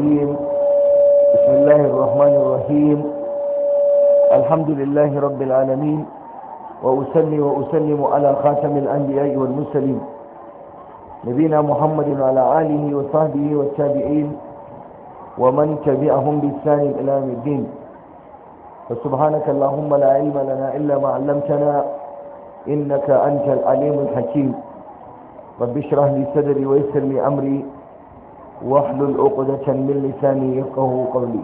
الرجيم بسم الله الرحمن الرحيم الحمد لله رب العالمين وأسلم وأسلم على خاتم الأنبياء والمرسلين نبينا محمد وعلى آله وصحبه والتابعين ومن تبعهم بإحسان إلى يوم الدين فسبحانك اللهم لا علم لنا إلا ما علمتنا إنك أنت العليم الحكيم رب اشرح لي صدري ويسر لي أمري واحلل عقدة من لساني يفقه قولي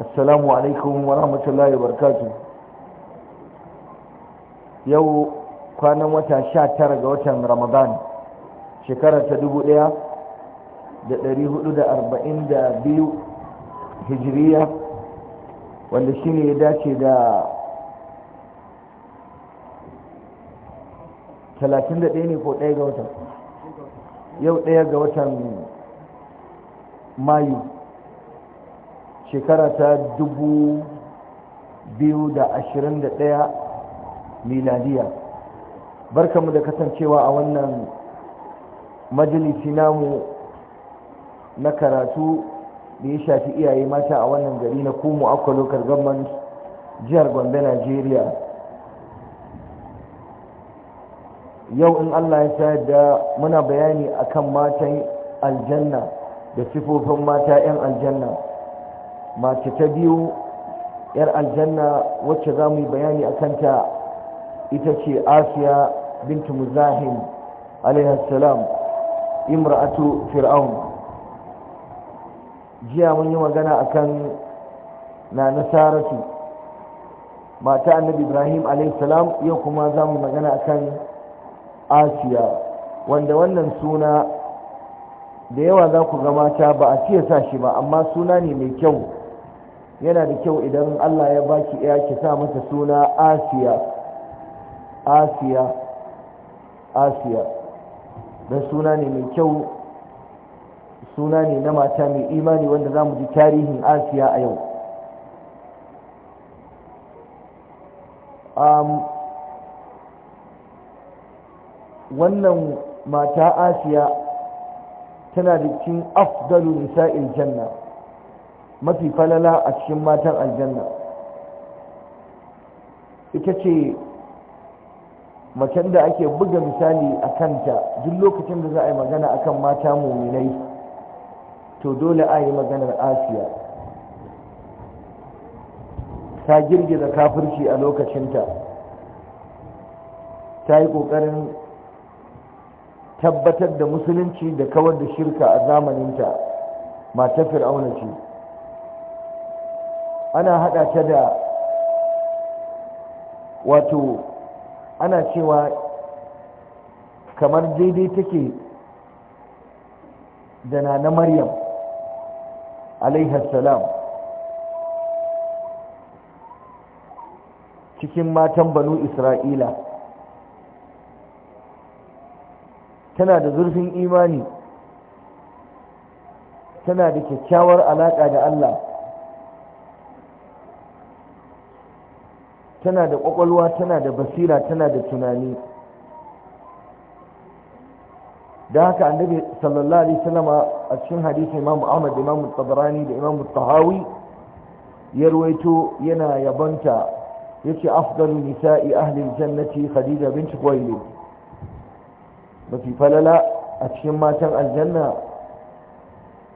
السلام عليكم ورحمة الله وبركاته يو كان وتا شا ترى وتا رمضان شكرا تدوب ليا da ɗari hudu da arba'in da biyu hijiriya wanda shine ya dace talatin da ɗaya ne ko ɗaya ga watan yau ɗaya ga watan mayu shekara ta dubu biyu da ashirin da ɗaya miladiya barkamu da kasancewa a wannan majalisi namu na karatu da ya shafi iyaye mata a wannan gari na kumu akwai lokar jihar gombe najeriya yau in Allah ya sayar da muna bayani akan matan aljanna da sifofin mata 'yan aljanna mace ta biyu 'yar aljanna wacce za mu yi bayani a kanta ita ce asiya bintu muzahim alaihassalam imra'atu fir'aun jiya mun yi magana akan na Saratu, mata annabi ibrahim alaihissalam yau kuma za mu magana akan asiya wanda wannan suna da yawa za ku ga mata ba a ciye sa shi ba amma suna ne mai kyau yana da kyau idan allah ya baki ya ki sa mata suna asiya asiya asiya don suna ne mai kyau suna ne na mata mai imani wanda za mu ji tarihin asiya a yau um, wannan mata asiya tana da cikin afdalu nisa'il janna mafi falala a cikin matan aljanna ita ce macen da ake buga misali a kanta duk lokacin da za a yi magana akan mata muminai to dole a yi maganar asiya ta girgiza kafirci a lokacinta ta yi ƙoƙarin tabbatar da musulunci da kawar da shirka a zamaninta matar fir'auna ce ana haɗa ta da wato ana cewa kamar daidai take da na na maryam alaihassalam cikin matan banu isra'ila tana da zurfin imani tana da kyakkyawar alaƙa da Allah tana da ƙwaƙwalwa tana da basira tana da tunani da haka annabi sallallahu alaihi wasallama a cikin hadisi imamu ahmad da imamu tabarani da imamu tahawi ya ruwaito yana yabanta ce afdalu nisa'i ahlin jannati khadija bint khuwailid mafi falala a cikin matan aljanna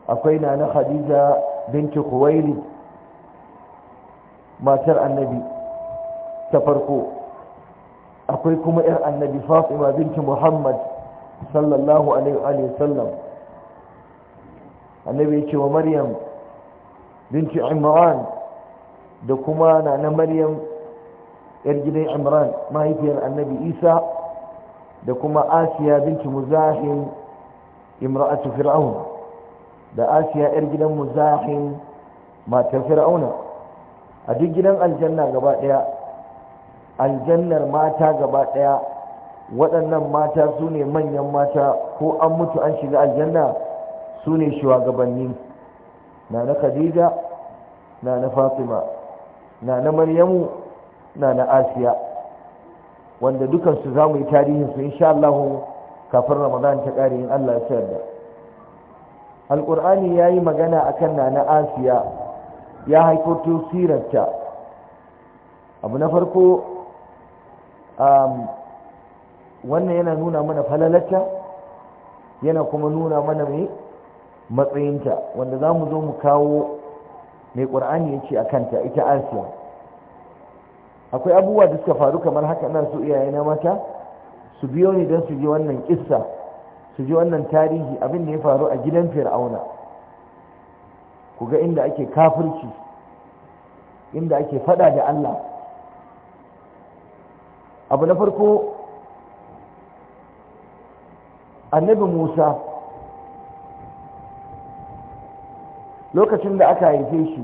akwai na na khadija binti kuwaili matar annabi ta farko akwai kuma 'yar annabi fatima binti muhammad sallallahu alaihi wasallam annabi ce wa maryam binti imran da kuma na na maryam 'yar gidan imran mahaifiyar annabi isa da kuma asiya binti muzahin imra'atu Fir'auna, da asiya yar gidan muzahin matar fir'auna a duk gidan aljanna gaba daya aljannar mata gaba daya waɗannan mata su ne manyan mata ko an mutu an shiga aljanna su ne shugabanni na na khadija na na fatima na na maryamu na na asiya wanda dukansu za mu yi tarihinsu insha Allah kafin ramadan ta kare in Allah ya da alƙur'ani ya yi magana a kan na asiya ya haiko to sirarta abu na farko um, wannan yana nuna mana falalata yana kuma nuna mana mai matsayinta wanda za mu zo mu kawo mai ƙur'ani ya ce a kanta ita asiya akwai abubuwa da suka faru kamar haka na su iyaye na mata su biyo ni don su ji wannan kissa su ji wannan tarihi abin da ya faru a gidan fir'auna ku ga inda ake kafirci inda ake fada da Allah abu na farko annabi Musa lokacin da aka haife shi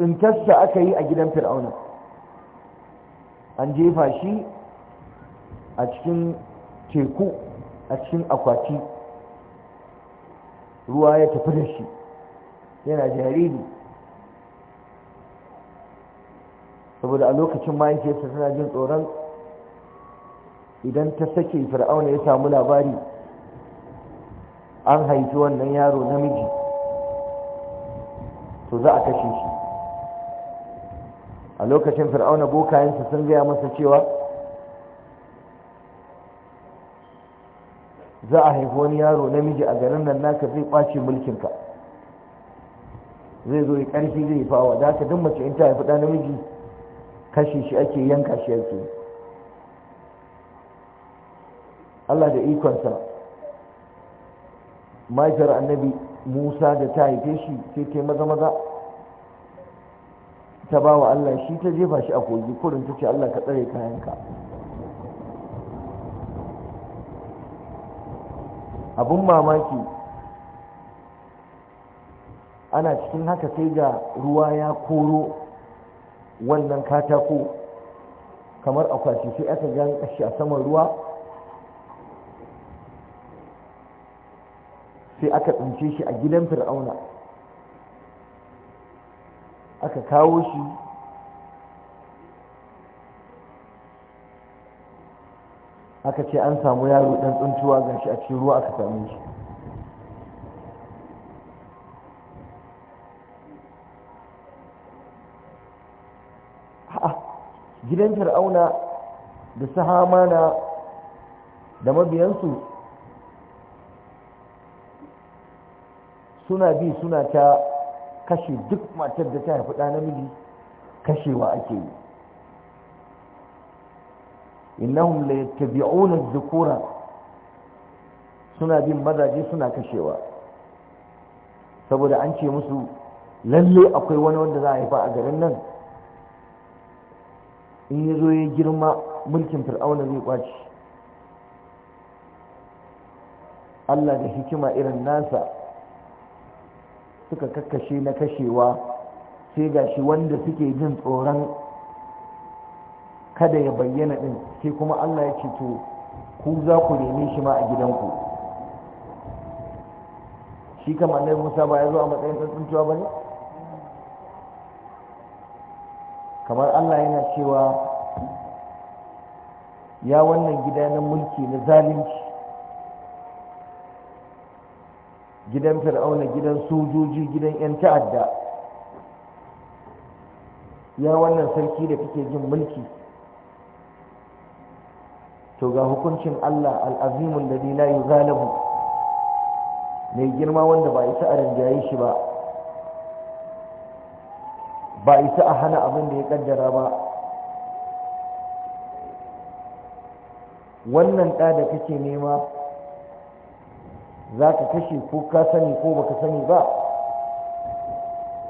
tsintarsa aka yi a gidan fir'auna an jefa shi a cikin teku a cikin akwati ruwa ya tafi da shi yana jariri saboda a lokacin mahaifiyarsa tana jin tsoron idan ta sake fir'auna ya samu labari an haifi wannan yaro namiji to za a kashe shi a lokacin fir'auna bokayensa sun gaya masa cewa za a haifi wani yaro namiji a garin nan naka zai ƙwace mulkinka zai zo yi ƙarfi zai fawa da haka duk mace in ta haifi ɗa namiji kashe shi ake yanka shi ake Allah da ikonsa mahaifiyar annabi Musa da ta haife shi sai ta maza maza ta ba wa Allah shi ta jefa shi a kogi kurin ta ce Allah ka tsare kayanka abun mamaki ana cikin haka sai ga ruwa ya koro wannan katako kamar akwati sai aka gan kashi a saman ruwa sai aka tsince shi a gidan fir'auna aka kawo shi aka ce an samu yaro ɗan tsuntuwa ga shi a cikin ruwa aka same shi gidan fir'auna da sahamana da mabiyansu suna bi suna ta kashe duk matar da ta haifi ɗa namiji kashewa ake yi innahum la yattabi'una dhukura suna bin mazaje suna kashewa saboda an ce musu lalle akwai wani wanda za a haifa a garin nan in ya zo ya girma mulkin fir'auna zai kwaci Allah da hikima irin nasa suka kakkashe na kashewa sai ga shi wanda suke jin tsoron kada ya bayyana ɗin sai kuma allah ya ce to ku za ku neme shi ma a gidanku shi kama annabi musa ba ya zo a matsayin tsuntsuntuwa ba ne kamar allah yana cewa ya wannan gida na mulki na zalunci gidan fir'auna gidan sojoji gidan 'yan ta'adda ya wannan sarki da kake jin mulki to ga hukuncin Allah al'azimun da la mai girma wanda ba isa a rinjaye shi ba ba isa a hana abin da ya kaddara ba wannan ɗa da kake nema za ka kashe ko ka sani ko baka sani ba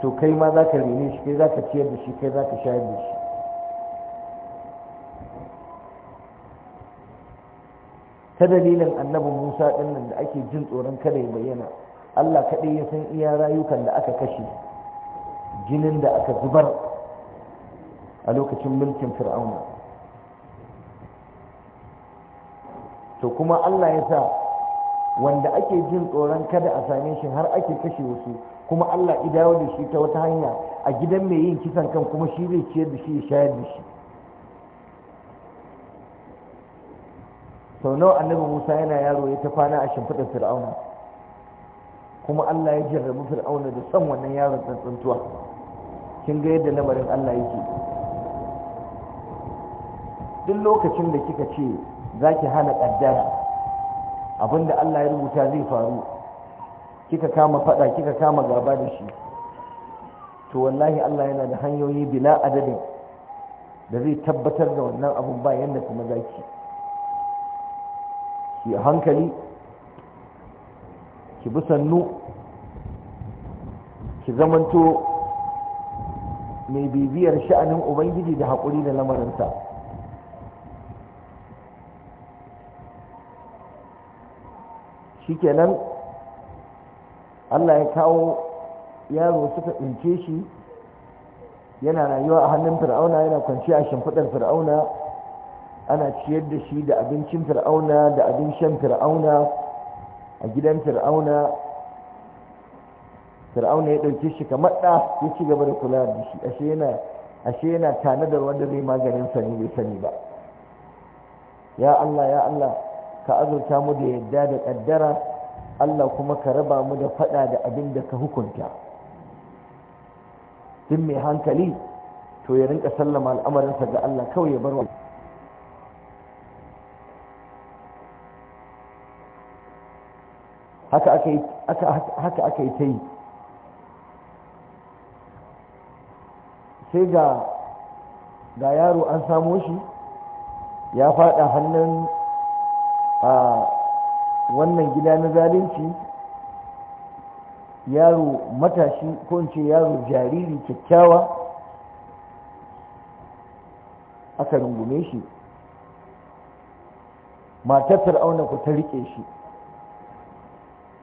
to kai ma za ka rene shi kai za ka ciyar da shi kai za ka shayar da shi ta dalilin annabin musa ɗinnan da ake jin tsoron kada ya bayyana allah kaɗai ya san iya rayukan da aka kashe jinin da aka zubar a lokacin mulkin fir'auna to kuma allah ya sa wanda ake jin tsoron kada a same shi har ake kashe wasu kuma Allah ya dawo da shi ta wata hanya a gidan mai yin kisan kan kuma shi zai ciyar da shi ya shayar da shi sau nawa annabi Musa yana yaro ya ta kwana a shimfiɗar Fir'auna kuma Allah ya jarrabu Fir'auna da son wannan yaron tsantsantuwa kin ga yadda lamarin Allah yake duk lokacin da kika ce zaki hana kaddara abinda Allah ya rubuta zai faru kika kama fada kika kama gaba da shi to wallahi Allah yana da hanyoyi bila adadin da zai tabbatar da wannan abun ba yanda kuma zaki ki hankali ki bi sannu ki zamanto mai bibiyar sha'anin ubangiji da haƙuri da lamarinsa shikenan Allah ya kawo yaro suka ɗauke shi yana rayuwa a hannun fir'auna yana kwanci a shimfiɗar fir'auna ana ciyar da shi da abincin fir'auna da abin shan fir'auna a gidan fir'auna fir'auna ya ɗauke shi kamar ɗa ya ci gaba da kula da shi ashe yana ashe yana tanadar wanda zai maganin sani bai sani ba ya Allah ya Allah ka azurta mu da yadda da kaddara Allah kuma ka raba mu da faɗa da abin da ka hukunta din mai hankali to ya rinka sallama al'amarinsa ga Allah kawai ya bar wa haka aka yi ta yi sai ga yaro an samo shi ya faɗa hannun a wannan gida na zalunci yaro matashi ko in ce yaro jariri kyakkyawa aka rungume shi matar fir'auna ku ta rike shi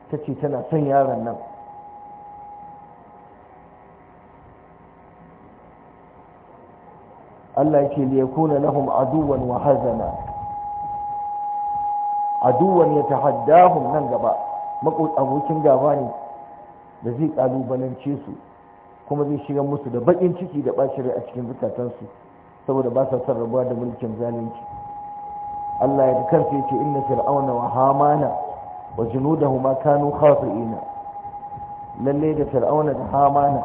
ta ce tana son yaron nan Allah ke liyakuna lahum aduwan wa hazana aduwan ya tahaddahum nan gaba abokin gaba ne da zai kalubalance su kuma zai shiga musu da bakin ciki da bashirai a cikin zukatansu saboda ba sa son rabuwa da mulkin zalunci Allah ya kansa yace inna fir'auna wa hamana wa junudahuma kanu khafiina lalle da fir'auna da hamana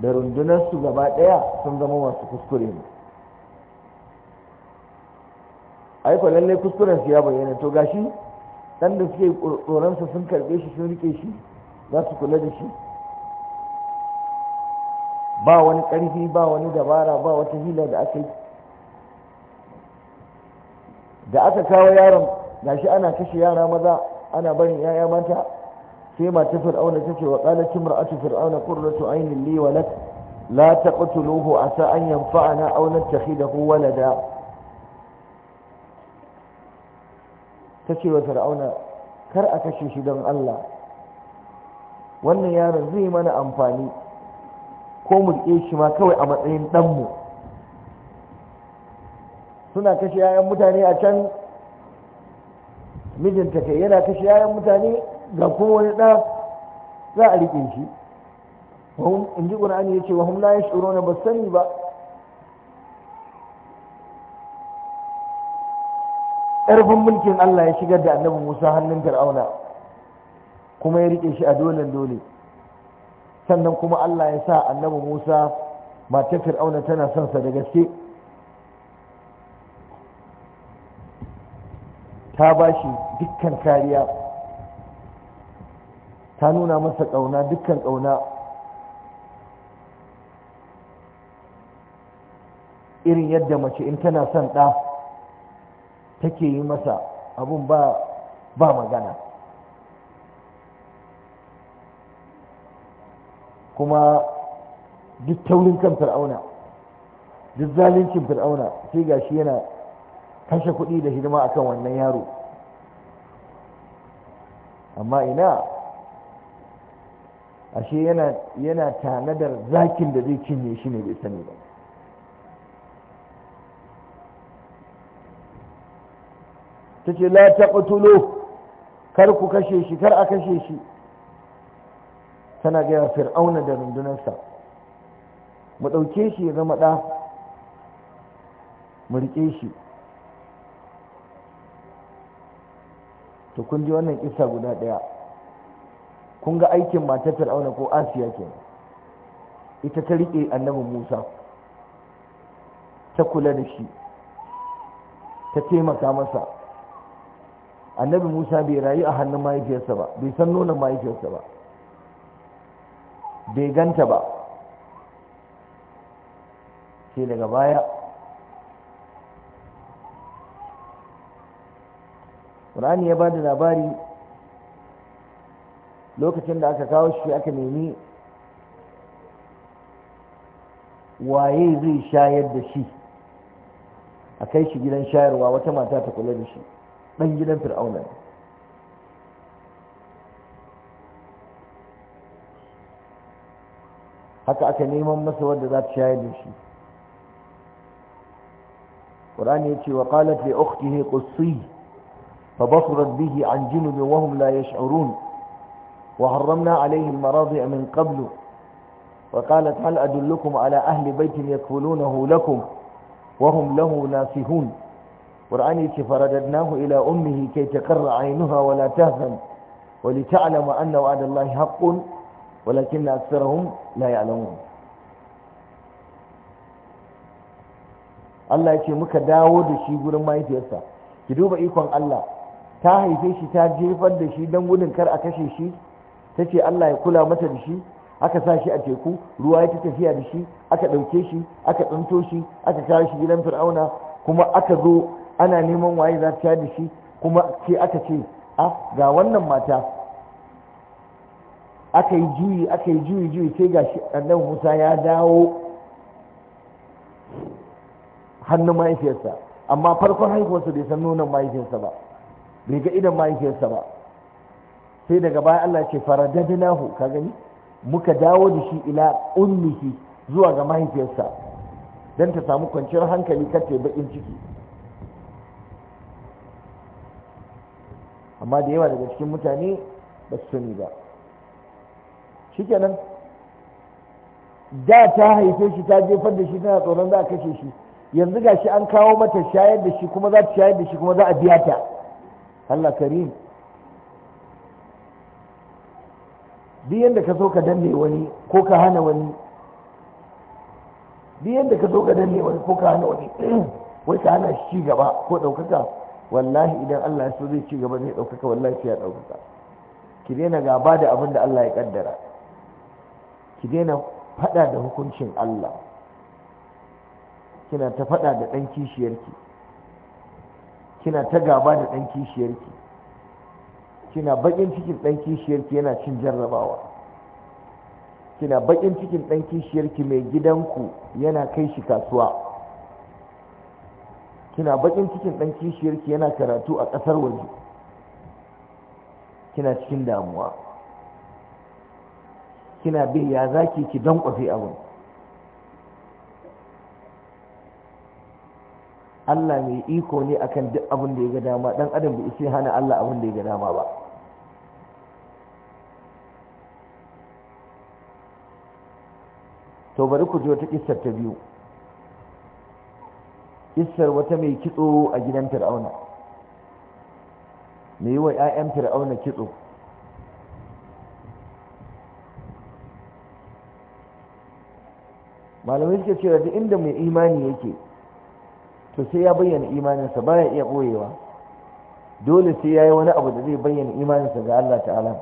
da rundunar su gaba daya sun zama masu kuskure ne ai ko lalle kuskuren su ya bayyana to gashi dan da suke tsoron sun karbe shi sun rike shi za su kula da shi ba wani karfi ba wani dabara ba wata hila da aka yi da aka kawo yaron gashi ana kashe yara maza ana barin yaya mata sai mata fir'auna ce wa qalat imra'atu fir'auna qurratu aynin li wa lak la taqtuluhu asa an yanfa'ana da nattakhidahu walada ta ce wa fir'auna kar a kashe shi don Allah wannan yaron zai yi mana amfani ko mu riƙe shi ma kawai a matsayin mu. suna kashe yayan mutane a can mijinta kai yana kashe yayan mutane ga kuma wani ɗa za a riƙe shi in ji ƙur'ani ya ce wa hum la yashuruna ba sani ba ƙarfin mulkin Allah ya shigar da annabi Musa hannun Fir'auna kuma ya rike shi a dolen dole sannan kuma Allah ya sa annabi Musa matar Fir'auna tana son sa da gaske ta ba shi dukkan kariya ta nuna masa ƙauna dukkan ƙauna irin yadda mace in tana son ɗa take yi masa abun ba ba magana kuma duk taurin kan fir'auna duk zalincin fir'auna sai gashi yana kashe kuɗi da hidima akan wannan yaro amma ina ashe yana tanadar zakin da zai cinye shi ne bai sani ba ta ce la taqtulu kar ku kashe shi kar a kashe shi tana gaya fir'auna da rundunarsa mu ɗauke shi ya zama ɗa mu riƙe shi to kun ji wannan kisa guda ɗaya kun ga aikin matar fir'auna ko asiya ke ita ta riƙe annabi musa ta kula da shi ta taimaka masa annabi musa bai rayu a hannun mahaifiyarsa ba bai san nonon mahaifiyarsa ba bai ganta ba sai daga baya ƙur'ani ya ba da labari lokacin da aka kawo shi aka nemi waye zai shayar da shi a kai shi gidan shayarwa wata mata ta kula da shi ɗan gidan fir'auna ne haka aka neman masa wadda za ta shayar da shi ƙur'ani ya ce wa ƙalat li ukhtihi qussi fa basurat bihi an junubin wa hum la yash'urun wa harramna alayhi al-maradi'a min qablu وقالت هل أدلكم على أهل بيت يكفلونه لكم وهم له ناسهون qur'ani ce faradadnahu ila ummihi kai takarra ainuha wala tahzan wa li ta'lama anna wa'adallahi walakin na aktharahum la ya'lamun Allah ce muka dawo da shi gurin mahaifiyarsa ki duba ikon Allah ta haife shi ta jefar da shi don gudun kar a kashe shi ta ce Allah ya kula mata da shi aka sa shi a teku ruwa ya ta tafiya da shi aka ɗauke shi aka tsinto shi aka kawo shi gidan fir'auna kuma aka zo ana neman waye za ta da shi kuma ce aka ce a ga wannan mata aka yi juyi aka yi juyi juyi sai ga shi annabi musa ya dawo hannun mahaifiyarsa amma farkon haihuwarsa bai san nuna mahaifiyarsa ba bai ga idan mahaifiyarsa ba sai daga baya Allah ce faradadnahu ka gani muka dawo da shi ila ummihi zuwa ga mahaifiyarsa dan ta samu kwanciyar hankali kace bakin ciki amma da yawa daga cikin mutane ba su sani ba shikenan da ta haife shi ta jefar da shi tana tsoron za a kashe shi yanzu ga shi an kawo mata shayar da shi kuma za ta shayar da shi kuma za a biya ta Allah karim duk yadda ka zo ka danne wani ko ka hana wani duk yadda ka zo ka danne wani ko ka hana wani wai ka hana shi gaba ko ɗaukaka wallahi idan Allah ya so zai ci gaba zai ɗaukaka wallahi ya ɗaukaka ki daina gaba da abin da Allah ya kaddara ki daina faɗa da hukuncin Allah kina ta faɗa da ɗan kishiyarki kina ta gaba da ɗan kishiyarki kina baƙin cikin ɗan kishiyarki yana cin jarrabawa kina baƙin cikin ɗan kishiyarki mai gidanku yana kai shi kasuwa kina bakin cikin dan kishiyarki yana karatu a kasar waje kina cikin damuwa kina bi ya zaki ki dan kwafi abin Allah mai iko ne akan duk abin da ya ga dama dan adam bai isa hana Allah abin da ya ga dama ba to bari ku ji wata kissa ta biyu kissar wata mai kitso a gidan fir'auna mai yi wa 'ya'yan fir'auna kitso malamai suke cewa duk inda mai imani yake to sai ya bayyana imaninsa baya iya ɓoyewa dole sai ya yi wani abu da zai bayyana imaninsa ga Allah ta'ala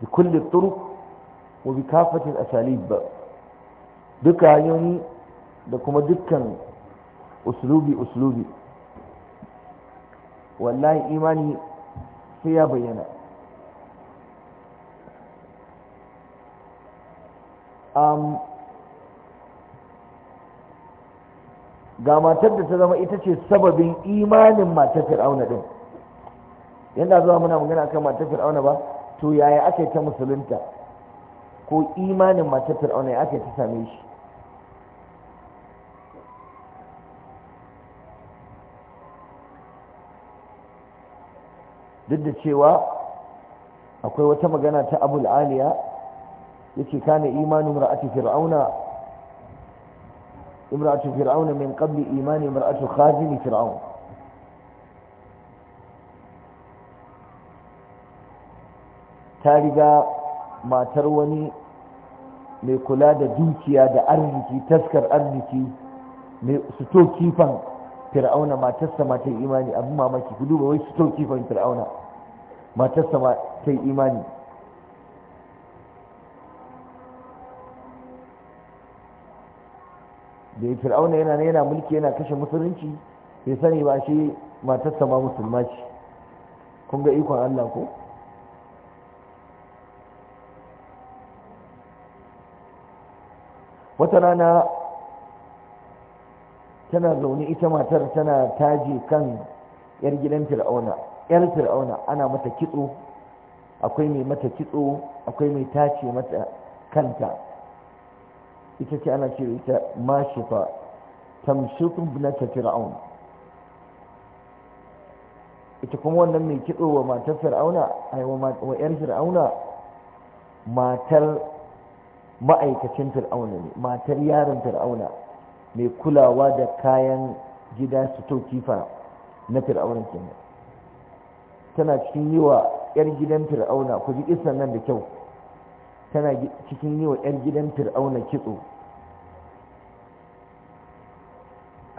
bi kulli turuq wa bi kafatin asalib duka hanyoyi da kuma dukkan uslubi uslubi wallahi imani sai ya bayyana um, ga matar da ta zama ita ce sababin imanin matar fir'auna din yadda zuwa muna magana kan matar fir'auna ba to yaya aka ta musulunta ko imanin matar fir'auna ya aka ta same shi duk da cewa akwai wata magana ta abu aliya yace kana imanu mar'ati fir'auna imra'atu fir'auna min qabli imani mar'atu khazin fir'aun ta riga matar wani mai kula da dukiya da arziki taskar arziki mai suto kifan fir'auna matarsa ma ta yi imani abin mamaki ku duba wai su tauki fir'auna matarsa ma ta yi imani da fir'auna yana yana mulki yana kashe musulunci bai sani ba shi matarsa ma musulma ce kun ga ikon Allah ko wata rana tana zaune ita matar tana taji kan yar gidan fir'auna yar fir'auna ana mata kitso akwai mai mata kitso akwai mai tace mata kanta ita ce ana cewa ita mashifa tamshiku ibnata fir'aun ita kuma wannan mai kitso wa matar fir'auna wa yar fir'auna matar ma'aikacin fir'auna ne matar yaron fir'auna mai kulawa da kayan gida su tau kifa na fir'auna kenan tana cikin yi wa 'yar gidan fir'auna ku ji isan nan da kyau tana cikin yi wa 'yar gidan fir'auna kitso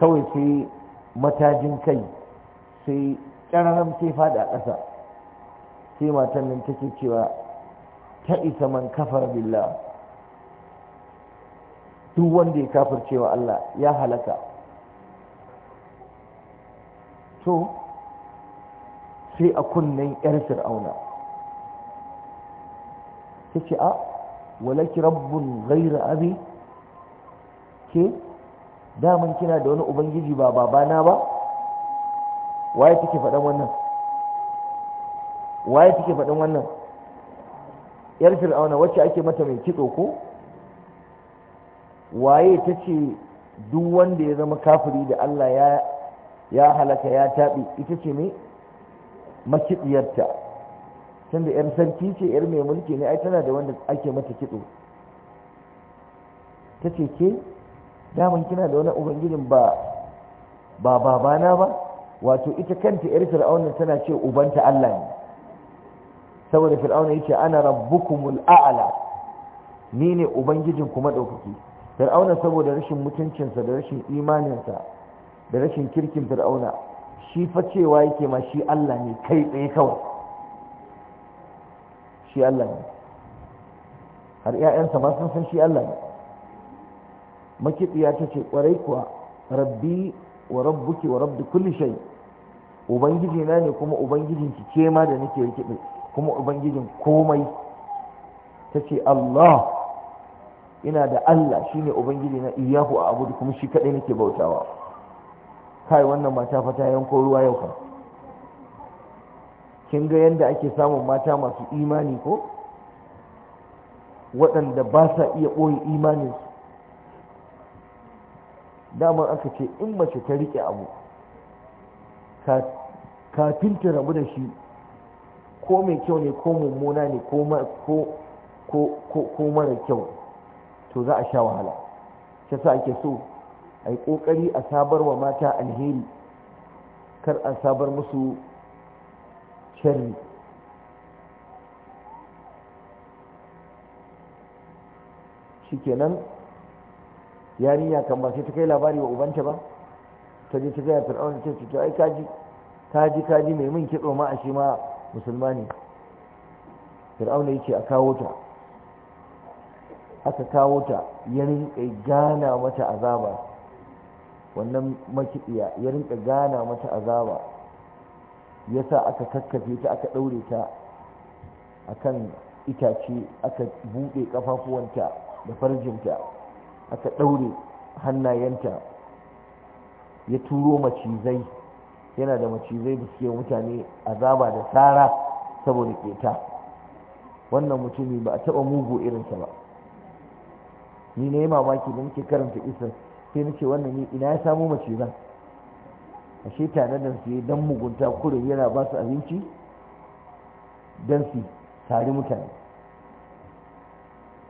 kawai sai matajin kai sai ƙararren sai fada a ƙasa sai matan nan take cewa ta isa man kafar billah duk wanda ya wa Allah ya halaka to sai a kunnen yar fir'auna ta ce a walaki rabbun gairu abi ke daman kina da wani ubangiji ba babana ba waye take faɗan wannan waye take faɗin wannan yar fir'auna wacce ake mata mai kitso ko waye ta ce duk wanda ya zama kafiri da Allah ya ya halaka ya taɓi ita ce ne makiɗiyarta da 'yar sarki ce 'yar mai mulki ne ai tana da wanda ake mata kiɗo ta ce ke daman kina da wani ubangijin ba ba babana ba wato ita kanta 'yar fir'aunin tana ce ubanta Allah ne saboda fir'aunin ya ce ana rabbukumul a'ala ni ne ubangijin kuma ɗaukaki fir'auna saboda rashin mutuncinsa da rashin imaninsa da rashin kirkin fir'auna shi fa cewa yake ma shi Allah ne kai tsaye kawai shi Allah ne har 'ya'yansa ma sun san shi Allah ne makiɗiya ta ce kwarai kuwa rabbi wa rabbuki wa rabbi kulli shay ubangiji na ne kuma ubangijin ki ke ma da nake kiɗi kuma ubangijin komai ta ce Allah ina da Allah shi shine ubangiji na iyahu a abudu kuma shi kaɗai nake bautawa kai wannan mata fa ta yanko ruwa yau kan kin ga yadda ake samun mata masu imani ko waɗanda ba sa iya ɓoye imaninsu dama aka ce in mace ta riƙe abu kafin ta rabu da shi ko mai kyau ne ko mummuna ne ko mara kyau to za a sha wahala shi sa ake so a yi ƙoƙari a sabar wa mata alheri kar a sabar musu sharri shikenan yarinya kan ba sai ta kai labari wa ubanta ba ta je ta gaya fir'aun ta ce ta ai kaji kaji kaji mai min kitso ma a shi ma musulmani. ne fir'aun ya ce a kawo ta aka kawo ta ya rinka gana mata azaba wannan makiɗiya ya rinka gana mata azaba ya sa aka kakkafe ta aka ɗaure ta a kan itace aka buɗe ƙafafuwanta da farjinta aka ɗaure hannayenta ya turo macizai yana da macizai da suke mutane azaba da tsara saboda keta wannan mutumi ba a taɓa mugu irinsa ba ni na yi mamaki da nake karanta isar sai nace wannan ne ina ya samo mace a ashe tare da su dan mugunta kure yana ba su abinci dan su tare mutane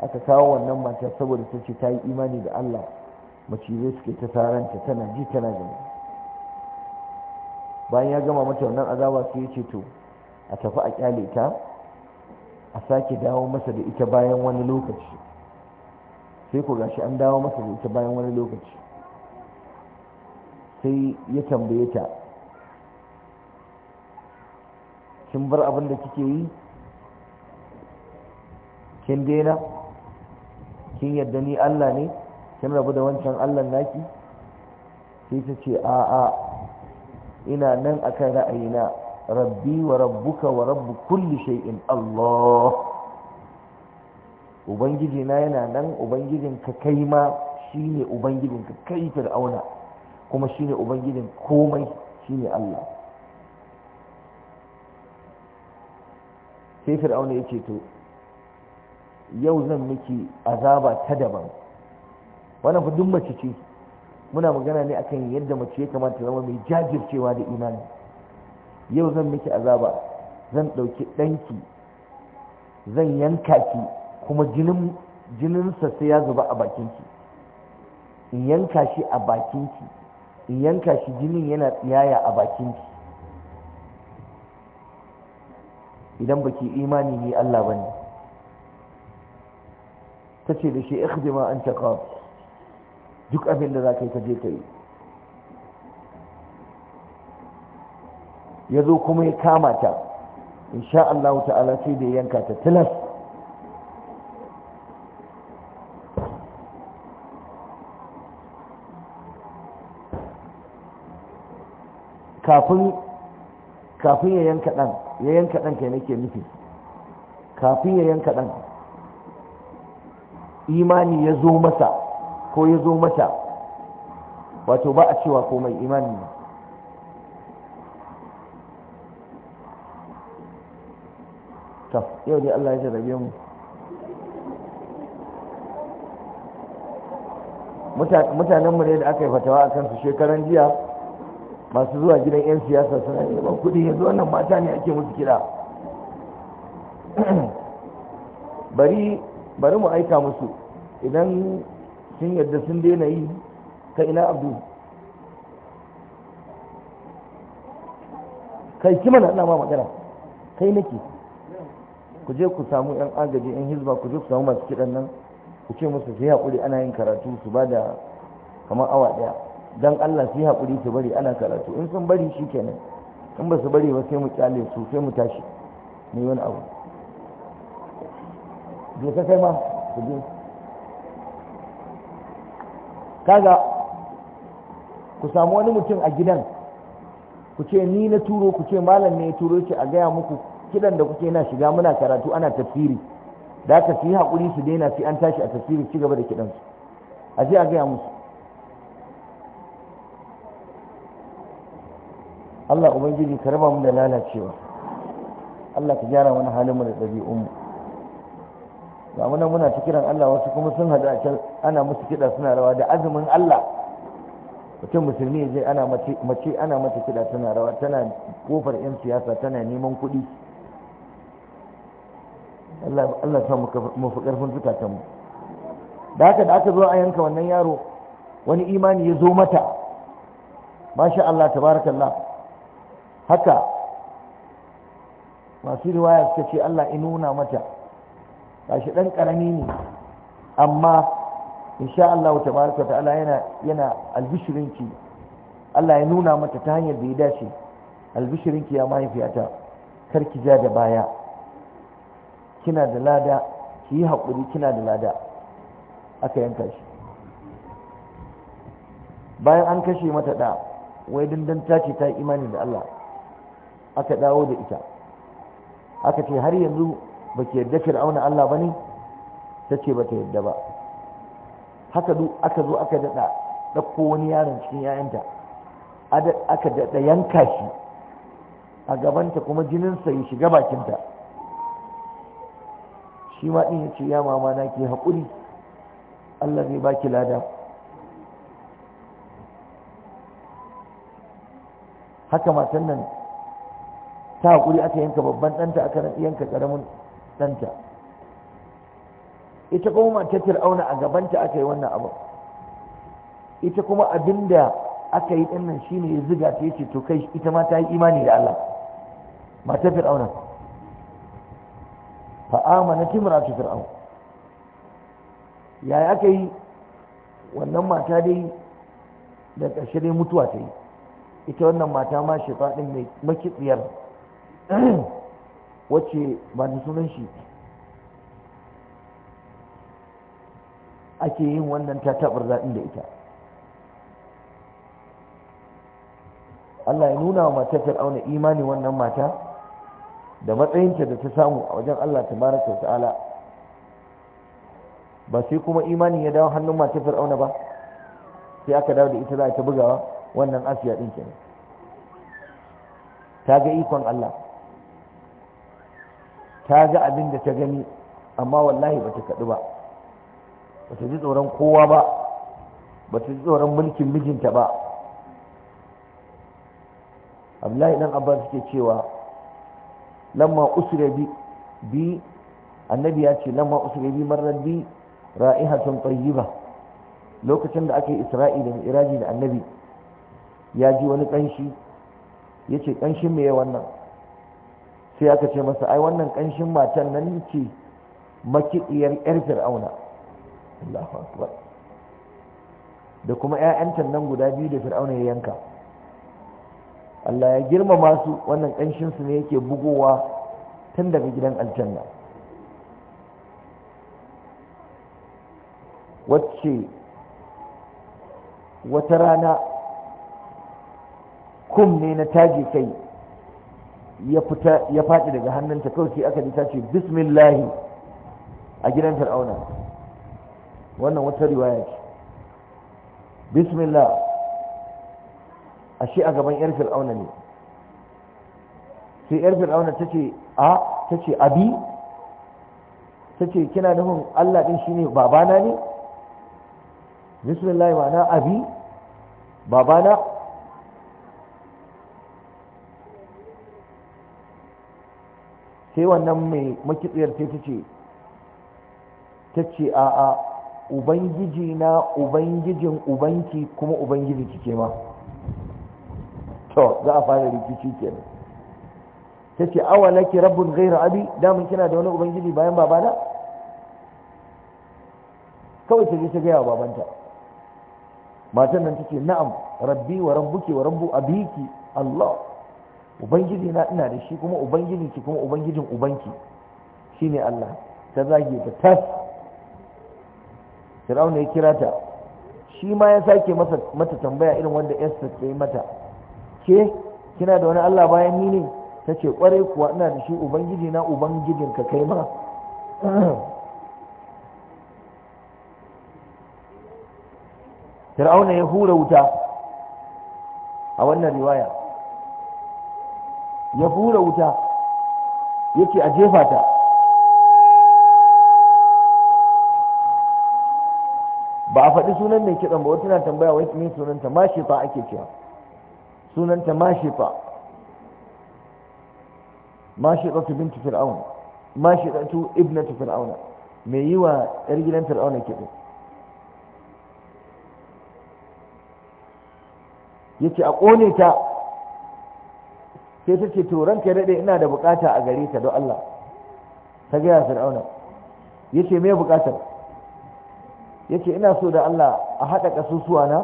aka kawo wannan mata saboda ta ce ta yi imani da Allah macizai suke ta taranta tana ji tana gani bayan ya gama mata wannan azaba su ya ce to a tafi a kyale ta a sake dawo masa da ita bayan wani lokaci sai ku gashi an dawo masa da ita bayan wani lokaci sai ya tambaye ta kin bar abin da kike yi kin daina kin yadda ni Allah ne kin rabu da wancan Allah naki sai ta ce a a ina nan akan ra'ayina rabbi wa rabbuka wa rabbu kulli shay'in Allah ubangiji na yana nan ubangijin ka kai ma shine ubangijin ka kai fir'auna kuma shine ubangijin komai shine Allah sai fir'auna ya ce to yau zan miki azaba ta daban wannan fa duk mace ce muna magana ne akan yadda mace ya kamata zama mai jajircewa da imani yau zan miki azaba zan ɗauki ɗanki zan yanka ki kuma jinin jininsa sai ya zuba a bakinki in yanka shi a bakinki in yanka shi jinin yana tsiyaya a bakinki idan baki imani ne Allah bane tace da shi ikhdima an taqa duk abin da zaka ka je ka yi yazo kuma ya kama ta insha Allah ta'ala sai da yanka ta tilas kafin kafin ya yanka ɗan ya yanka ɗan kai nake nufi kafin ya yanka ɗan imani ya zo masa ko ya zo mata wato ba a cewa mai imani ne ta yau dai Allah ya jarrabe mu mutanenmu ne da aka yi fatawa a kansu shekaran jiya masu zuwa gidan 'yan siyasa suna neman kuɗi yanzu wannan mata ne ake musu kira bari bari mu aika musu idan sun yadda sun daina yi ta ina abu kai kima na ma magana kai nake ku je ku samu 'yan agaji 'yan hizba ku je ku samu masu kiɗan nan ku ce musu sai haƙuri ana yin karatu su ba da kamar awa ɗaya dan Allah su yi haƙuri su bari ana karatu in sun bari shi kenan in ba su bari ba sai mu kyale su sai mu tashi ne wani abu je ka kai ma su je kaga ku samu wani mutum a gidan ku ce ni na turo ku ce malam ne ya turo ce a gaya muku kidan da kuke na shiga muna karatu ana tafsiri da aka su yi haƙuri su daina su an tashi a tafsiri ci gaba da kidansu a je a gaya musu Allah ubangiji ka raba mu da lalacewa Allah ka gyara wani halin mu da ɗabi'un mu ga muna muna ta kiran Allah wasu kuma sun hada a can ana musu kiɗa suna rawa da azumin Allah mutum musulmi ya je ana mace ana mata kiɗa tana rawa tana kofar 'yan siyasa tana neman kuɗi Allah sa mu fi ƙarfin mu. da haka da aka zo a yanka wannan yaro wani imani ya zo mata masha Allah tabarakallah haka masu riwaya suka ce Allah ya nuna mata gashi dan karami ne amma insha Allah tabaraka Allah yana yana albishirinki Allah ya nuna mata ta hanyar da ya dace albishirinki ya mahaifiyata kar ki ja da baya kina da lada ki yi haƙuri kina da lada aka yanka shi bayan an kashe mata da wai dandan ta ce ta imani da Allah aka dawo da ita aka ce har yanzu ba ki yarda fir'auna Allah ba ne ta ce ba ta yarda ba haka duk aka zo aka daɗa ɗauko wani yaron cikin ‘ya'yanta aka daɗa yanka shi a gabanta kuma jininsa ya shiga bakinta shi ma ɗin ya ce ya mama na ke haƙuri Allah zai ba ki lada haka matan nan ta hakuri aka yanka babban ɗanta aka yanka ƙaramin ɗanta ita kuma matar fir'auna a gabanta aka yi wannan abu ita kuma abinda aka yi ɗin nan shine ya ziga ta yace to kai ita ma ta yi imani da Allah matar fir'auna fa amana timratu fir'aun yaya aka yi wannan mata dai da ƙarshe dai mutuwa ta yi ita wannan mata ma shi ɗin mai makitsiyar wacce ba da sunan shi ake yin wannan tatabar zaɗin da ita Allah ya nuna wa matar fir'auna imani wannan mata da matsayinta da ta samu a wajen Allah ta wa ta'ala ba sai kuma imani ya dawo hannun matar fir'auna ba sai aka dawo da ita za ta bugawa wannan asiya ɗinki ne ta ga ikon Allah ta ga abin da ta gani amma wallahi ba ta kaɗu ba ba ta ji tsoron kowa ba ba ta ji tsoron mulkin mijinta ba abdullahi ɗan abbas suke cewa lamma usure bi bi annabi ya ce lamma usure bi marar bi ra'ihatun tayyiba lokacin da aka yi isra'i da iraji da annabi ya ji wani ƙanshi ya ce ƙanshin me wannan sai aka ce masa ai wannan kanshin matan nan ce makidiyar yar fir'auna Allahu akbar da kuma ƴaƴantan nan guda biyu da fir'auna ya yanka Allah ya girmama su wannan kanshin su ne yake bugowa tun daga gidan aljanna wacce wata rana kum ne na taji kai ya fita ya faɗi daga hannunta kawai sai aka ji ta ce bismillahi a gidan fir'auna wannan wata riwaya ce bismillah ashe a gaban yar fir'auna ne sai yar fir'auna ta ce a ta ce abi ta ce kina nufin allah ɗin shine babana ne bismillah ma'ana abi babana sai wannan mai makitsiyar sai ta ce ta ce a a ubangiji na ubangijin ubanki kuma ubangiji kike ma to za a fara rikici ke nan, ta ce awa laki rabbin gairar abi damun kina da wani ubangiji bayan babana kawai ta je ta gaya wa babanta matan nan ta ce na'am rabbi wa rabbuki wa rabbu abiki allah ubangiji na ina da shi kuma ubangijin ki kuma ubangijin ubanki shine Allah ta zage ta tas Fir'auna ya kira ta shi ma ya sake mata tambaya irin wanda Esther ta yi mata ke kina da wani Allah bayan ni ne ta ce kwarai kuwa ina da shi ubangiji na ubangijin ka kai ma Fir'auna ya hura wuta a wannan riwaya ya hura wuta yake a jefa ta ba a faɗi sunan mai kiɗan ba wata na tambaya wai mai sunanta ma shefa ake cewa sunanta ma shefa ma shefa tu bintu fir'aun ma shefa tu ibnatu fir'auna mai yi wa yar gidan fir'auna Ya ce a ƙone ta sai ta ce to ranka daɗe ina da bukata a gare ka don Allah ta gaya fir'auna ya ce me bukatar ya ce ina so da Allah a haɗa ƙasusuwa na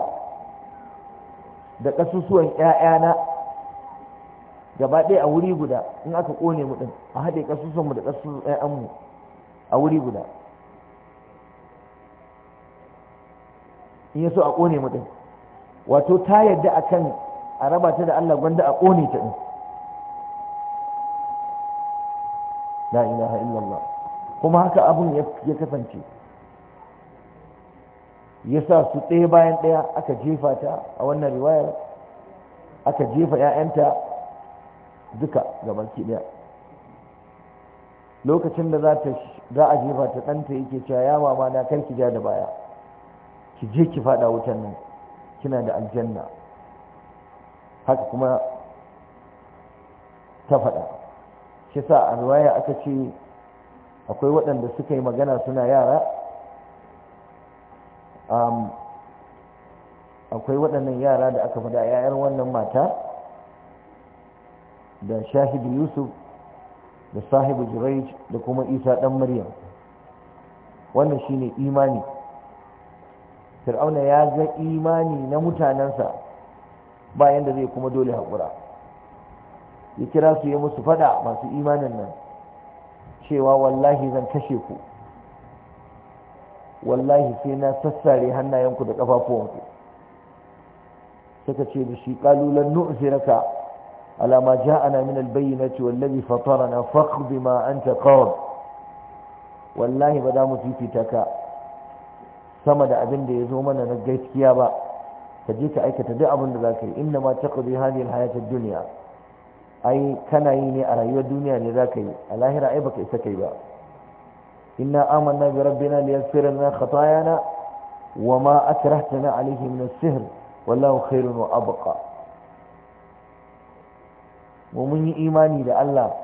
da ƙasusuwan ƴaƴana gaba ɗaya a wuri guda in aka ƙone mu ɗin a haɗe mu da ƙasusuwan ƴaƴanmu a wuri guda in ya so a ƙone mu ɗin wato ta yadda a kan a raba ta da Allah gwanda a ƙone ta ɗin la ilaha illallah kuma haka abun ya kasance ya sa su ɗaya bayan ɗaya aka jefa ta a wannan riwayar aka jefa 'ya'yanta duka ga baki ɗaya lokacin da za a jefa ta ɗanta yake cewa ya mama na kar ki ja da baya ki je ki faɗa wutan nan kina da aljanna haka kuma ta faɗa shi sa a ruwaya aka ce akwai waɗanda suka yi magana suna yara akwai waɗannan yara da aka fada yayar wannan mata da shahidu yusuf da sahibu juraic da kuma isa ɗan maryam wannan shine imani fir'auna ya ga imani na mutanensa bayan da zai kuma dole haƙura ya kira su yi musu fada masu imanin nan cewa wallahi zan kashe ku wallahi sai na sassare hannayenku da ƙafafuwanku suka ce da shi ƙalulan nu'ziraka Alama ma ana min albayyinati wallazi fak faqdi ma ta qad wallahi ba za mu fifita ka sama da abin da ya zo mana na gaskiya ba ka je ka aikata duk abin da za ka yi inda ma taqdi hadhihi alhayati hayatar duniya. ai kana yi ne a rayuwar duniya ne za ka yi a lahira ai baka isa kai ba inna amanna bi rabbina na lana khatayana wa ma akrahtana alayhi min as-sihr wallahu khairun wa abqa mu mun yi imani da Allah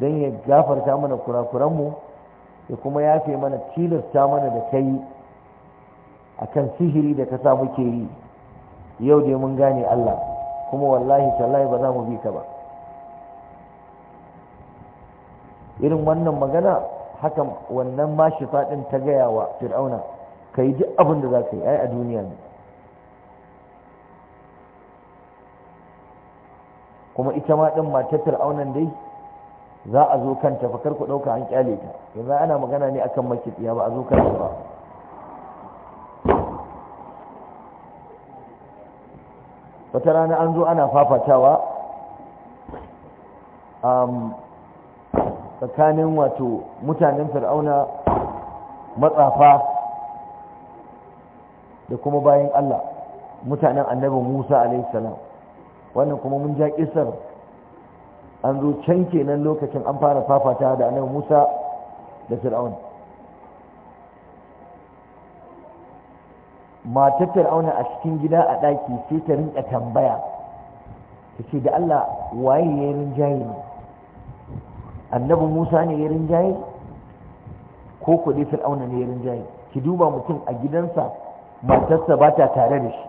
dan ya gafarta mana kurakuran mu ya kuma yafe mana tilasta mana da kai akan sihiri da ka sa muke yi yau dai mun gane Allah kuma wallahi tallahi ba za mu bi ka ba irin wannan magana haka wannan ma shifa ta gaya wa fir'auna kai duk abin da za ka yi ai a duniya ne kuma ita ma ɗin matar fir'aunan dai za a zo kan fa kar ku ɗauka an kyale ta yanzu ana magana ne akan makitsiya ba a zo kan ba wata rana an zo ana fafatawa um, tsakanin wato mutanen fir'auna matsafa da kuma bayan Allah mutanen annabi Musa alaihissalam wannan kuma mun ja kisar an zo can kenan lokacin an fara fafata da annabi Musa da fir'auna matar fir'auna a cikin gida a ɗaki sai ta rinka tambaya ta ce da Allah waye ya rinjaye ne annabi musa ne ya rinjaye ko ku dai fir'auna ne ya rinjaye ki duba mutum a gidansa matarsa ba ta tare da shi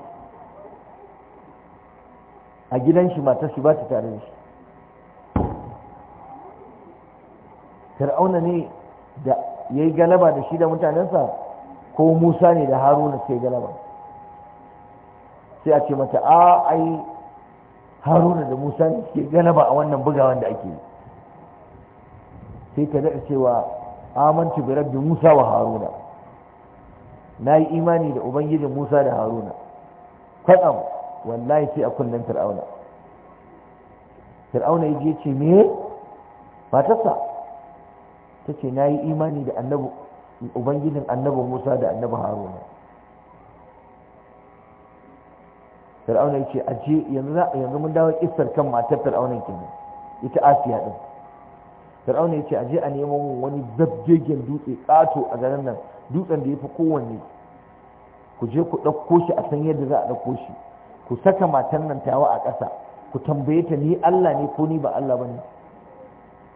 a gidan shi matarsa ba ta tare da shi fir'auna ne da ya yi galaba da shi da mutanensa ko musa ne da haruna sai galaba sai a ce mata a ai haruna da musa ne ke galaba a wannan bugawan da ake yi sai ka daɗa cewa amantu bi rabbi musa wa haruna na yi imani da ubangijin musa da haruna kwatsam wallahi sai a kullum fir'auna fir'auna ya ce me matarsa ta ce na yi imani da annabu ubangijin annabu musa da annabu haruna fir'auna ya ce aje yanzu mun dawo kissar kan matar fir'aunan kenan ita asiya din fir'auna ya ce aje a nemo mun wani zabgegen dutse ƙato a garin nan dutsen da ya fi kowanne ku je ku ɗauko shi a san yadda za a ɗauko shi ku saka matan nan tawa a ƙasa ku tambaye ta ni Allah ne ko ni ba Allah bane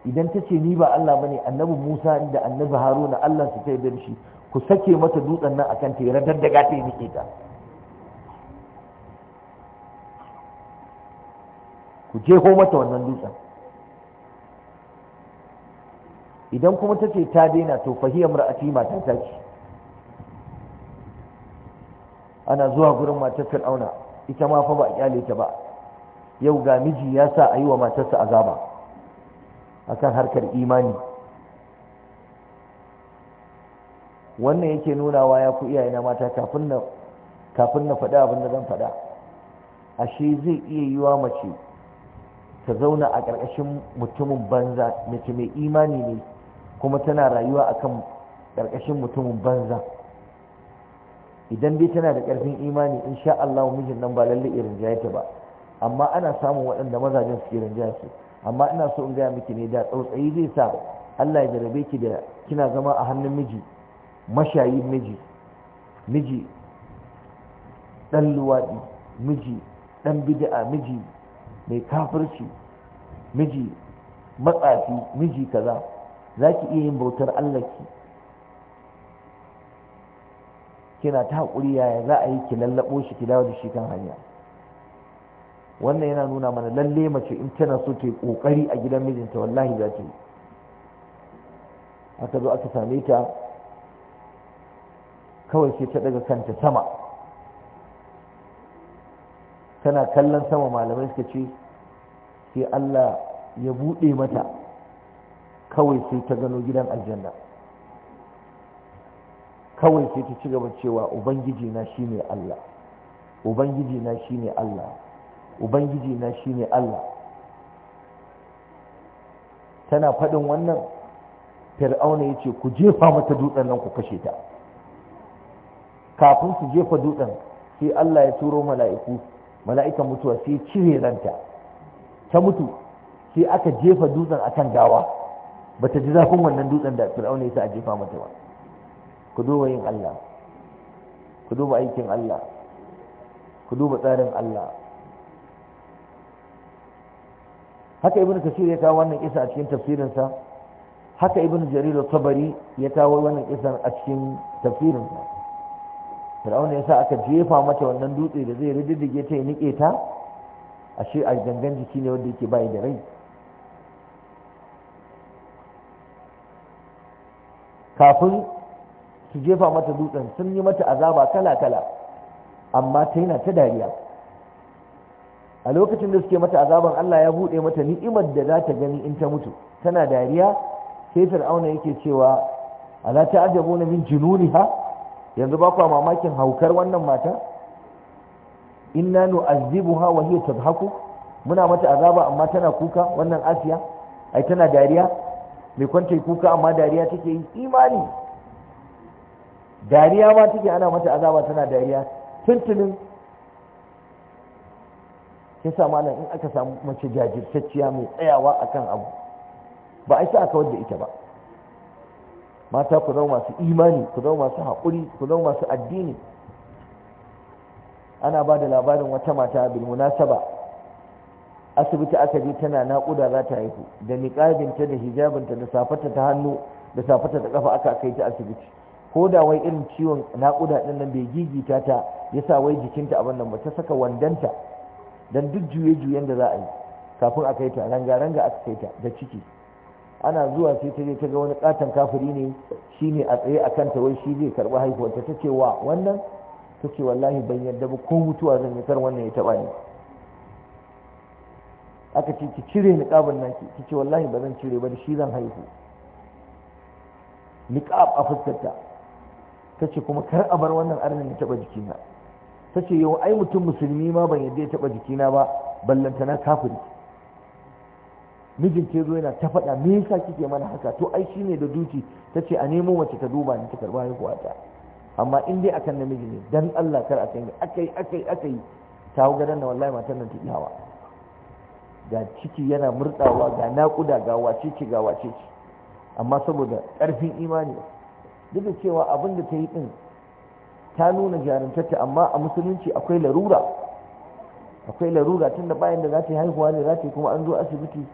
idan ta ce ni ba Allah bane annabi Musa da annabi Haruna Allah su ta yi shi ku sake mata dutsen nan akan ta yara daddaga ta yi ta ku ko mata wannan dutsen idan kuma ta ce ta daina to fahiya mar'ati mata ta ce ana zuwa gurin matar fir'auna ita ma fa ba a kyale ta ba yau ga miji ya sa a yi wa matarsa azaba akan harkar imani wannan yake nunawa ya ku iyaye na mata kafin na faɗa abin da zan faɗa ashe zai iya yiwa mace ta zauna a ƙarƙashin mutumin banza mace mai imani ne kuma tana rayuwa a kan ƙarƙashin mutumin banza idan dai tana da ƙarfin imani in sha Allah mijin nan ba lalle irin jayata ba amma ana samun waɗanda mazajen su irin jayata amma ina so in gaya miki ne da tsautsayi zai sa Allah ya jarabe ki da kina zama a hannun miji mashayin miji miji ɗan luwaɗi miji ɗan bid'a miji mai kafirci miji matsafi miji kaza za ki iya yin bautar Allah ki kina ta haƙuri yaya za a yi ki lallaɓo shi ki dawo da shi kan hanya wannan yana nuna mana lalle mace in tana so ta yi ƙoƙari a gidan mijinta wallahi za ta yi aka zo aka same ta kawai sai ta daga kanta sama tana kallon sama malamai suka ce sai Allah ya buɗe mata kawai sai ta gano gidan aljanna kawai sai ta ci gaba cewa ubangiji na shine Allah ubangiji na shine Allah ubangiji na shine Allah tana faɗin wannan fir'auna ya ce ku jefa mata dutsen nan ku kashe ta kafin su jefa dutsen sai Allah ya turo mala'iku mala'ikan mutuwa sai cire ranta ta mutu sai aka jefa dutsen akan gawa bata ji zafin wannan dutsen da fir'auna ya sa a jefa mata ba ku duba yin Allah ku duba aikin Allah ku duba tsarin Allah haka ibnu kasir ya kawo wannan kisa a cikin tafsirinsa haka ibnu jarir tabari ya kawo wannan kisan a cikin tafsirinsa fir'auna ya sa aka jefa mata wannan dutse da zai rididdige ta ya nike ta ashe a gangan jiki ne wanda yake bai da rai kafin su jefa mata dutsen sun yi mata azaba kala-kala amma ta yana ta dariya a lokacin da suke mata azaban Allah ya buɗe mata ni'imar da za ta gani in ta mutu tana dariya sai fir'auna yake cewa ala na min ha? yanzu ba kuwa mamakin haukar wannan mata inna ha wa hiya tadhaku muna mata azaba amma tana kuka wannan asiya ai tana dariya mai kwanta kuka amma dariya take yi imani dariya ma take ana mata azaba tana dariya tuntunin ya sa malam in aka samu mace jajirtacciya mai tsayawa akan abu ba a sa aka wadda ita ba mata ku zama masu imani ku zama masu haƙuri ku zama masu addini ana ba da labarin wata mata bil munasaba asibiti aka je tana naƙuda za ta haihu da niƙabinta da hijabinta da safata ta hannu da safata ta ƙafa aka kai ta asibiti ko da wai irin ciwon naƙuda ɗin nan bai gigita ta ya sa wai jikinta abin nan ba ta saka wandanta don duk juye-juyen da za a yi kafin a kai ta ranga-ranga aka kai ta da ciki ana zuwa sai ta je ta ga wani katon kafiri ne shi ne a tsaye a kanta wai shi zai karɓi haihuwarta ta ce wa wannan ta ce wallahi ban yarda ba ko mutuwa zan yi kar wannan ya taɓa ni aka ce ki cire nan naki kice wallahi ba zan cire ba da shi zan haihu niqab a fuskarta ce kuma kar a bar wannan arnin ya taba jikina ce yau ai mutum musulmi ma ban yadda ya taba jikina ba ballanta na kafiri mijin ke zo yana ta faɗa me yasa kike mana haka to ai shine da duki ce a nemo mace ta duba ni ta karba haihuwa ta amma in dai akan namiji ne dan Allah kar a kai akai akai akai ta gadon na wallahi matar nan ta iyawa ga ciki yana murɗawa ga naƙuda ga wacece ga wacece amma saboda ƙarfin imani duk da cewa abin da ta yi ɗin ta nuna jarumtarta amma a musulunci akwai larura akwai larura tun da bayan da za ta yi haihuwa ne za ta yi kuma an zo asibiti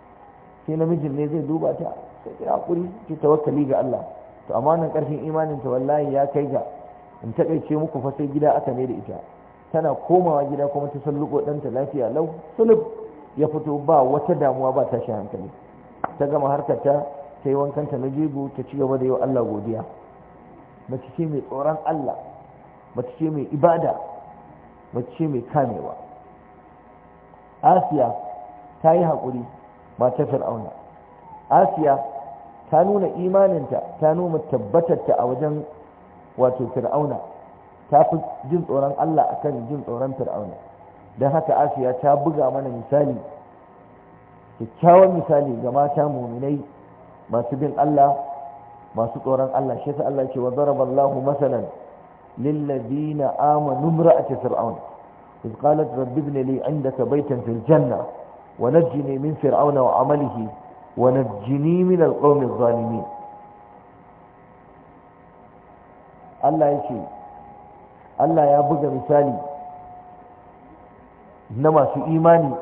sai namijin ne zai duba ta sai ta haƙuri ta tawakkali ga Allah to amma nan ƙarfin imanin ta wallahi ya kai ga in taƙaice muku fa sai gida aka ne da ita tana komawa gida kuma ta salluko ɗanta lafiya lau sulub ya fito ba wata damuwa ba tashi hankali ta gama harkar ta ta yi wankanta na jego ta ci gaba da yau Allah godiya mace ce mai tsoron Allah mace ce mai ibada mace ce mai kamewa asiya ta yi haƙuri ta fir'auna asiya ta nuna imaninta ta nuna tabbatarta a wajen wato fir'auna ta fi jin tsoron Allah akan jin tsoron fir'auna don haka asiya ta buga mana misali kyakkyawan misali ga mata muminai masu bin Allah masu tsoron Allah shi yasa Allah ce wa daraballahu masalan lilladina amanu imra'atu fir'aun iz qalat rabbi li 'indaka baytan fil janna wa najjini min fir'auna wa 'amalihi wa najjini min al adh-dhalimin Allah yake Allah ya buga misali na masu imani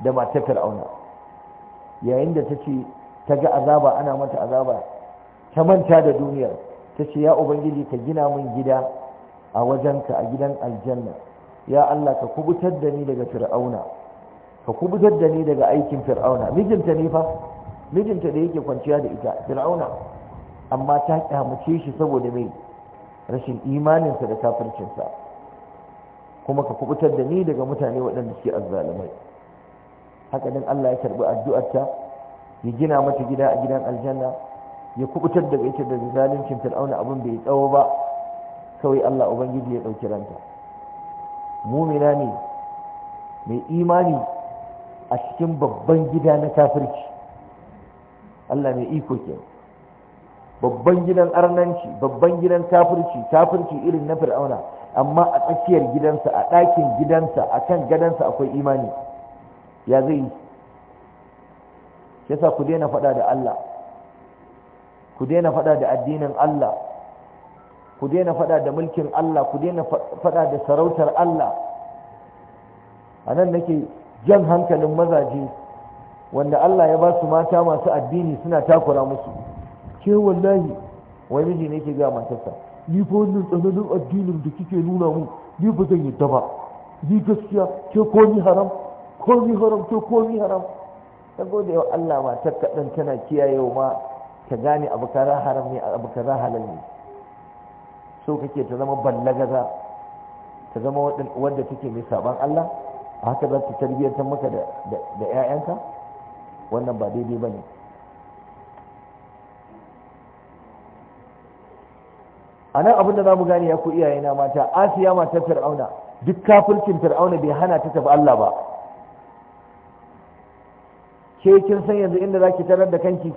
da matar fir'auna yayin da ta ce ta ga azaba ana mata azaba ta manta da duniyar ta ce ya ubangiji ka gina min gida a wajenka a gidan aljanna ya Allah ka kubutar da ni daga fir'auna ka kubutar da ni daga aikin fir'auna mijinta ne fa mijinta da yake kwanciya da ita fir'auna amma ta kyamace shi saboda mai rashin imaninsa da kafircinsa kuma ka kubutar da ni daga mutane waɗanda suke azzalumai haka nan Allah ya karbi addu'arta ya gina mata gida a gidan aljanna ya kubutar da ita da zaluncin fir'auna abin bai tsawo ba kawai Allah ubangiji ya ɗauki ranta mumina ne mai imani a cikin babban gida na kafirci Allah mai iko kenan babban gidan arnanci babban gidan kafirci kafirci irin na fir'auna amma a tsakiyar gidansa a ɗakin gidansa a kan gadansa akwai imani ya zai yi yasa ku daina faɗa da Allah ku daina faɗa da addinin Allah ku daina faɗa da mulkin Allah ku daina faɗa da sarautar Allah a nan nake jan hankalin mazaje wanda Allah ya ba su mata masu addini suna takura musu ke wallahi wai miji ne ke ga matarsa ni fa wannan tsananin addinin da kike nuna mu ni ba zan yadda ba ni gaskiya ke ko ni haram ko ni haram ke ko ni haram ta gode wa Allah ta kaɗan tana kiyayewa ma ta gane abu kaza haram ne abu kaza halal ne so kake ta zama ballagaza ta zama wadda take mai saban Allah haka za ta ta maka da 'ya'yanka wannan ba daidai ba ne a nan abin za mu gane ya ku na mata asiya matar fir'auna duk kafircin fir'auna bai hana ta tafi allah ba ke kin san yanzu inda za ki tarar da kanki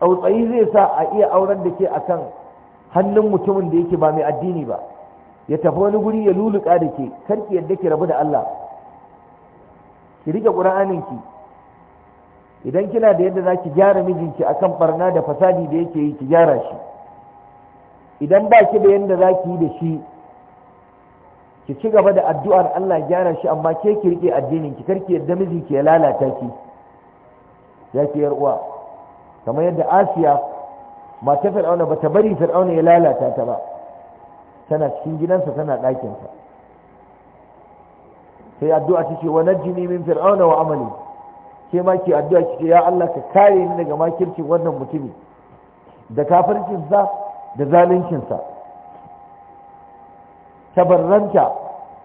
autsayi zai sa a iya auren da ke a kan hannun mutumin da yake ba mai addini ba ya tafi wani guri ya luluka da ke karki yadda ki rabu da Allah ki rike ƙura'aninki idan kina da yadda za ki gyara mijinki akan ɓarna da fasadi da yake yi ki gyara shi idan ba ki da yadda za ki yi da shi ki ci gaba da addu'ar Allah gyara shi amma ke ki rike addinin ki karki yadda miji ke lalata ki ya ki yar uwa kamar yadda Asiya mata Fir'auna bata bari Fir'auna ya lalata ta ba tana cikin gidansa tana ɗakinsa sai addu'a ta ce wa najjini min fir'auna wa amali ke ma ki addu'a ki ce ya Allah ka kare ni daga makircin wannan mutumi da kafircin sa da zaluncinsa tabarranta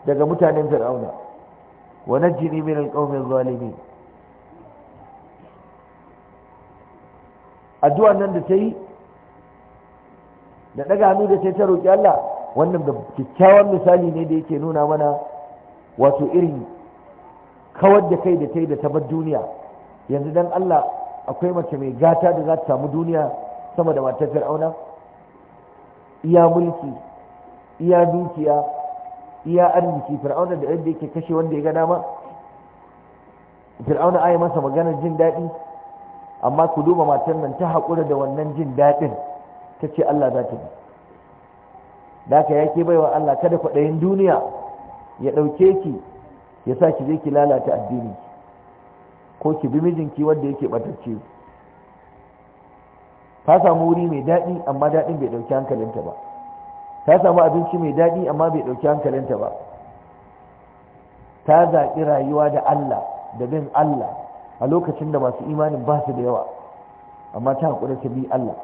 daga mutanen fir'auna wa jin'i min alqawmi zalimi addu'a nan da ta yi da daga hannu da ta ta roƙi Allah wannan da kyakkyawan misali ne da yake nuna mana wato irin kawar da kai da ta yi da tabar duniya yanzu dan Allah akwai mace mai gata da za ta samu duniya sama da matar fir'auna iya mulki iya dukiya iya arziki fir'auna da yadda yake kashe wanda ya ga dama fir'auna ayi masa maganar jin daɗi amma ku duba matan nan ta haƙura da wannan jin daɗin ta ce Allah za ta bi da ka yake baiwa Allah kada kwaɗayin duniya ya ɗauke ki ya sa ki je ki lalata addini ko ki bi mijinki wanda yake ɓatacce ta samu wuri mai daɗi amma daɗin bai ɗauki hankalinta ba ta samu abinci mai daɗi amma bai ɗauki hankalinta ba ta zaɓi rayuwa da Allah da bin Allah a lokacin da masu imanin ba su da yawa amma ta haƙura ta bi Allah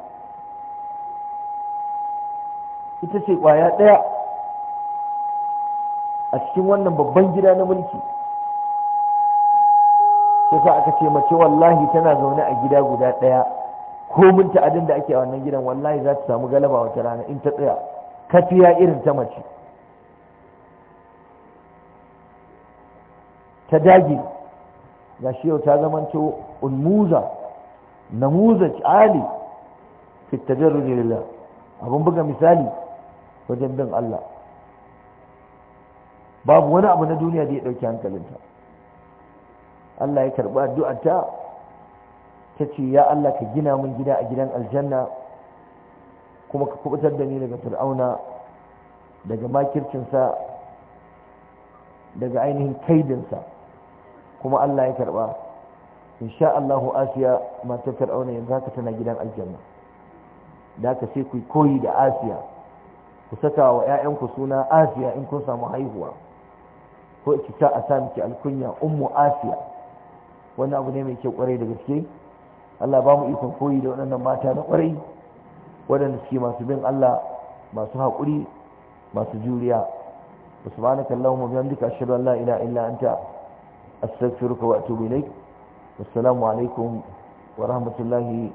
ita ce ƙwaya ɗaya a cikin wannan babban gida na mulki sai aka ce mace wallahi tana zaune a gida guda ɗaya komin ta'adin da ake a wannan gidan wallahi za ta samu galaba wata rana in ta tsaya kafiya irin ta mace ta dagi. ga shi yau ta zamanto ulmuza namuza ali fitajarruni lillah abun buga misali wajen bin Allah babu wani abu na duniya da ya dauki hankalinta Allah ya karɓi addu'arta ta ce ya Allah ka gina mun gida a gidan aljanna kuma ka kubutar da ni daga fir'auna daga makircinsa daga ainihin kaidinsa kuma Allah ya karba insha Allahu asiya matar fir'auna yanzu haka tana gidan aljanna da haka sai ku koyi da asiya ku saka wa 'ya'yanku suna asiya in kun samu haihuwa ko ki sa a sa miki alkunya ummu asiya wannan abu ne mai kyau kwarai da gaske Allah ba mu ikon koyi da waɗannan mata na ƙwarai waɗanda suke masu bin Allah masu haƙuri masu juriya subhanaka allahumma bihamdika ashhadu an la ilaha illa anta astaghfiruka wa atubu ilaik assalamu alaikum wa rahmatullahi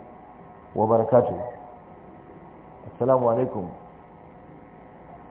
wa barakatuh assalamu alaikum